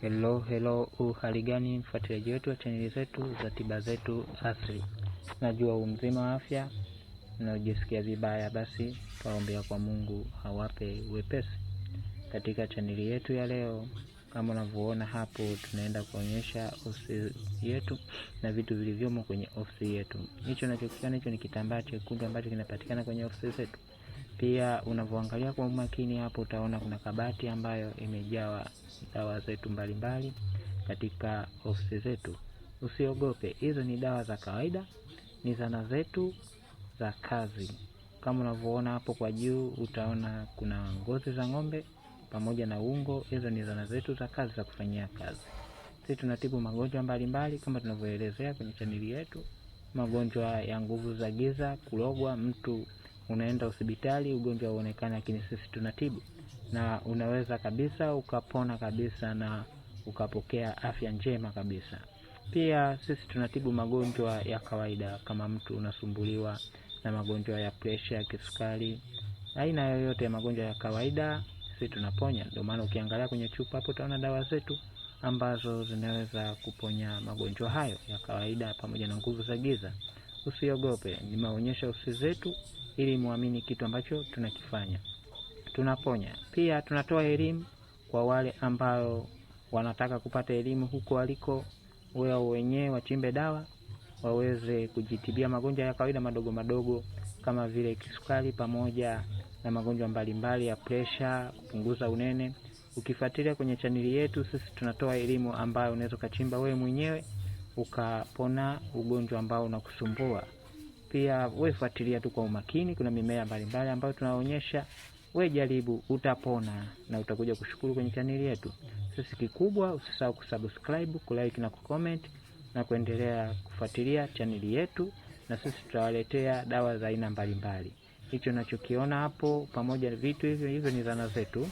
Hello, hello, uhali gani mfuatiliaji wetu wa chaneli zetu za tiba zetu asili. Najua umzima wa afya na ujisikia vibaya, basi twaombea kwa Mungu awape wepesi. Katika chaneli yetu ya leo, kama unavyoona hapo, tunaenda kuonyesha ofisi yetu na vitu vilivyomo kwenye ofisi yetu. Hicho unachokiona hicho ni kitambaa chekundu ambacho kinapatikana kwenye ofisi zetu. Pia unavyoangalia kwa umakini hapo, utaona kuna kabati ambayo imejawa dawa zetu mbalimbali katika ofisi zetu. Usiogope, hizo ni dawa za kawaida, ni zana zetu za kazi. Kama unavyoona hapo kwa juu, utaona kuna ngozi za ng'ombe pamoja na ungo. Hizo ni zana zetu za kazi za kufanyia kazi. Sisi tunatibu magonjwa mbalimbali kama tunavyoelezea kwenye chaneli yetu, magonjwa ya nguvu za giza, kulogwa mtu unaenda hospitali ugonjwa uonekana, lakini sisi tunatibu na unaweza kabisa ukapona kabisa na ukapokea afya njema kabisa. Pia sisi tunatibu magonjwa ya kawaida, kama mtu unasumbuliwa na magonjwa ya presha, kisukari, aina yoyote ya magonjwa ya kawaida sisi tunaponya. Ndio maana ukiangalia kwenye chupa hapo utaona dawa zetu ambazo zinaweza kuponya magonjwa hayo ya kawaida pamoja na nguvu za giza usiogope, ni maonyesho ofisi zetu, ili muamini kitu ambacho tunakifanya. Tunaponya pia, tunatoa elimu kwa wale ambao wanataka kupata elimu huko waliko, wao wenyewe wachimbe dawa waweze kujitibia magonjwa ya kawaida madogo madogo kama vile kisukari pamoja na magonjwa mbalimbali ya presha, kupunguza unene. Ukifuatilia kwenye chaneli yetu, sisi tunatoa elimu ambayo unaweza ukachimba wewe mwenyewe ukapona ugonjwa ambao unakusumbua. Pia we fuatilia tu kwa umakini, kuna mimea mbalimbali ambayo tunaonyesha, we jaribu, utapona na utakuja kushukuru kwenye chaneli yetu. Sisi kikubwa, usisahau kusubscribe, kulike na kucomment na kuendelea kufuatilia chaneli yetu, na sisi tutawaletea dawa za aina mbalimbali. Hicho nachokiona hapo pamoja na vitu hivyo hivyo ni zana zetu.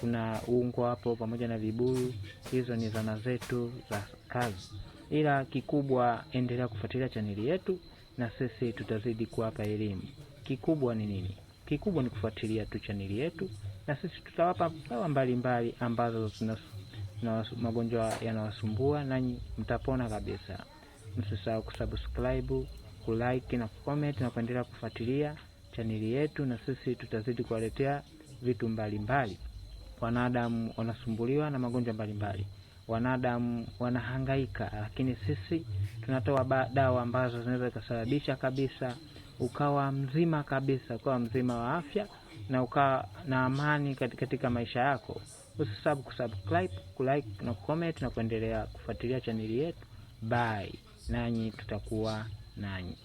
Kuna ungo hapo pamoja na vibuyu, hizo ni zana zetu za kazi ila kikubwa, endelea kufuatilia chaneli yetu na sisi tutazidi kuwapa elimu. Kikubwa ni nini? Kikubwa ni kufuatilia tu chaneli yetu, na sisi tutawapa dawa mbalimbali ambazo na magonjwa yanawasumbua, nanyi mtapona kabisa. Msisahau kusubscribe, kulike na kucomment na kuendelea kufuatilia chaneli yetu, na sisi tutazidi kuwaletea vitu mbalimbali. Wanadamu wanasumbuliwa na magonjwa mbalimbali wanadamu wanahangaika, lakini sisi tunatoa dawa ambazo zinaweza kusababisha kabisa ukawa mzima kabisa, ukawa mzima wa afya na ukawa na amani katika maisha yako. Usisahau kusubscribe, kulike na comment na kuendelea kufuatilia chaneli yetu. Bye, nanyi tutakuwa nanyi.